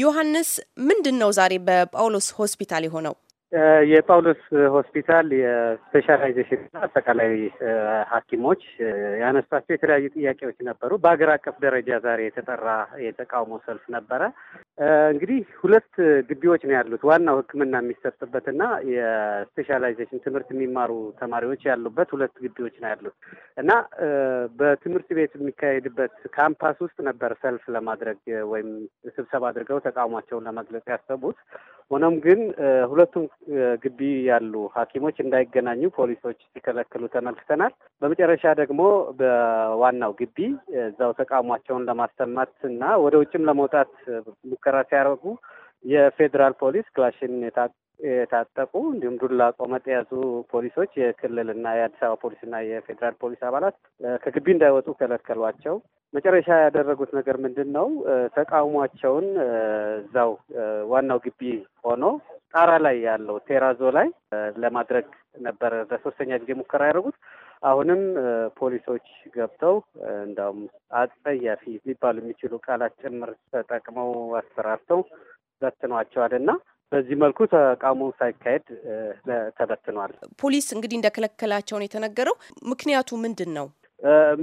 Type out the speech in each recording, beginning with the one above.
ዮሐንስ፣ ምንድን ነው ዛሬ በጳውሎስ ሆስፒታል የሆነው? የጳውሎስ ሆስፒታል የስፔሻላይዜሽንና አጠቃላይ ሐኪሞች ያነሷቸው የተለያዩ ጥያቄዎች ነበሩ። በሀገር አቀፍ ደረጃ ዛሬ የተጠራ የተቃውሞ ሰልፍ ነበረ። እንግዲህ ሁለት ግቢዎች ነው ያሉት። ዋናው ሕክምና የሚሰጥበትና የስፔሻላይዜሽን ትምህርት የሚማሩ ተማሪዎች ያሉበት ሁለት ግቢዎች ነው ያሉት እና በትምህርት ቤት የሚካሄድበት ካምፓስ ውስጥ ነበር ሰልፍ ለማድረግ ወይም ስብሰባ አድርገው ተቃውሟቸውን ለመግለጽ ያሰቡት። ሆኖም ግን ሁለቱም ግቢ ያሉ ሐኪሞች እንዳይገናኙ ፖሊሶች ሲከለክሉ ተመልክተናል። በመጨረሻ ደግሞ በዋናው ግቢ እዛው ተቃውሟቸውን ለማሰማት እና ወደ ውጭም ለመውጣት ሙከራ ሲያደርጉ የፌዴራል ፖሊስ ክላሽን የታጠቁ እንዲሁም ዱላ ቆመጥ የያዙ ፖሊሶች የክልልና የአዲስ አበባ ፖሊስና የፌዴራል ፖሊስ አባላት ከግቢ እንዳይወጡ ከለከሏቸው። መጨረሻ ያደረጉት ነገር ምንድን ነው? ተቃውሟቸውን እዛው ዋናው ግቢ ሆኖ ጣራ ላይ ያለው ቴራዞ ላይ ለማድረግ ነበረ ለሶስተኛ ጊዜ ሙከራ ያደረጉት። አሁንም ፖሊሶች ገብተው እንዳውም አጸያፊ ሊባሉ የሚችሉ ቃላት ጭምር ተጠቅመው አስፈራርተው በትኗቸዋልና በዚህ መልኩ ተቃውሞ ሳይካሄድ ተበትኗል። ፖሊስ እንግዲህ እንደከለከላቸውን የተነገረው ምክንያቱ ምንድን ነው?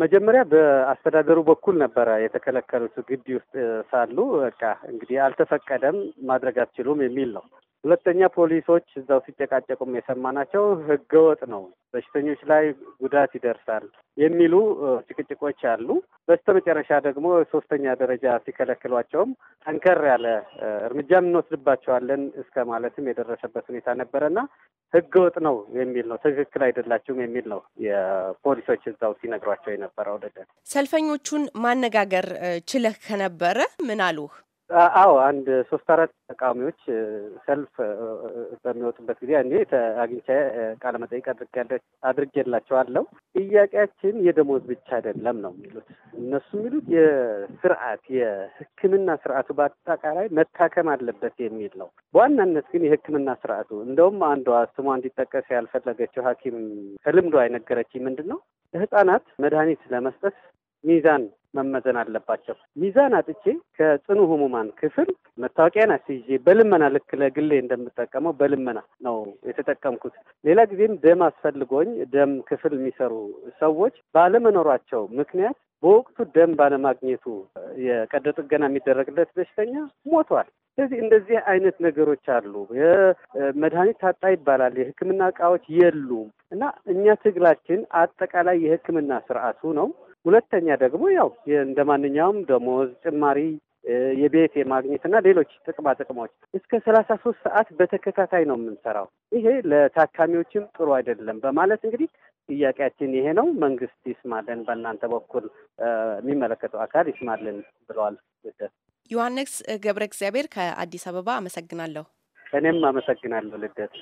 መጀመሪያ በአስተዳደሩ በኩል ነበረ የተከለከሉት ግቢ ውስጥ ሳሉ በቃ እንግዲህ አልተፈቀደም ማድረግ አትችሉም የሚል ነው። ሁለተኛ ፖሊሶች እዛው ሲጨቃጨቁም የሰማናቸው ህገወጥ ነው፣ በሽተኞች ላይ ጉዳት ይደርሳል የሚሉ ጭቅጭቆች አሉ። በስተመጨረሻ ደግሞ ሶስተኛ ደረጃ ሲከለክሏቸውም ጠንከር ያለ እርምጃ እንወስድባቸዋለን እስከ ማለትም የደረሰበት ሁኔታ ነበረና ህገወጥ ነው የሚል ነው፣ ትክክል አይደላችሁም የሚል ነው የፖሊሶች እዛው ሲነግሯቸው የነበረው። ደደ ሰልፈኞቹን ማነጋገር ችለህ ከነበረ ምን አሉህ? አዎ አንድ ሶስት አራት ተቃዋሚዎች ሰልፍ በሚወጡበት ጊዜ እኔ አግኝቼ ቃለ መጠይቅ አድርጌላቸዋለሁ። ጥያቄያችን የደሞዝ ብቻ አይደለም ነው የሚሉት እነሱ የሚሉት የስርዓት የሕክምና ስርዓቱ በአጠቃላይ መታከም አለበት የሚል ነው። በዋናነት ግን የሕክምና ስርዓቱ እንደውም አንዷ ስሟ እንዲጠቀስ ያልፈለገችው ሐኪም ከልምዷ የነገረችኝ ምንድን ነው ህጻናት መድኃኒት ለመስጠት ሚዛን መመዘን አለባቸው። ሚዛን አጥቼ ከጽኑ ህሙማን ክፍል መታወቂያን አስይዤ በልመና ልክ ለግሌ እንደምጠቀመው በልመና ነው የተጠቀምኩት። ሌላ ጊዜም ደም አስፈልጎኝ ደም ክፍል የሚሰሩ ሰዎች ባለመኖሯቸው ምክንያት በወቅቱ ደም ባለማግኘቱ የቀዶ ጥገና የሚደረግለት በሽተኛ ሞቷል። ስለዚህ እንደዚህ አይነት ነገሮች አሉ። የመድኃኒት ታጣ ይባላል። የህክምና እቃዎች የሉም እና እኛ ትግላችን አጠቃላይ የህክምና ስርዓቱ ነው። ሁለተኛ ደግሞ ያው እንደ ማንኛውም ደሞዝ ጭማሪ የቤት የማግኘት እና ሌሎች ጥቅማ ጥቅሞች እስከ ሰላሳ ሶስት ሰዓት በተከታታይ ነው የምንሰራው። ይሄ ለታካሚዎችም ጥሩ አይደለም በማለት እንግዲህ ጥያቄያችን ይሄ ነው። መንግስት ይስማልን፣ በእናንተ በኩል የሚመለከተው አካል ይስማልን ብለዋል። ዮሐንስ ገብረ እግዚአብሔር ከአዲስ አበባ አመሰግናለሁ። እኔም አመሰግናለሁ ልደት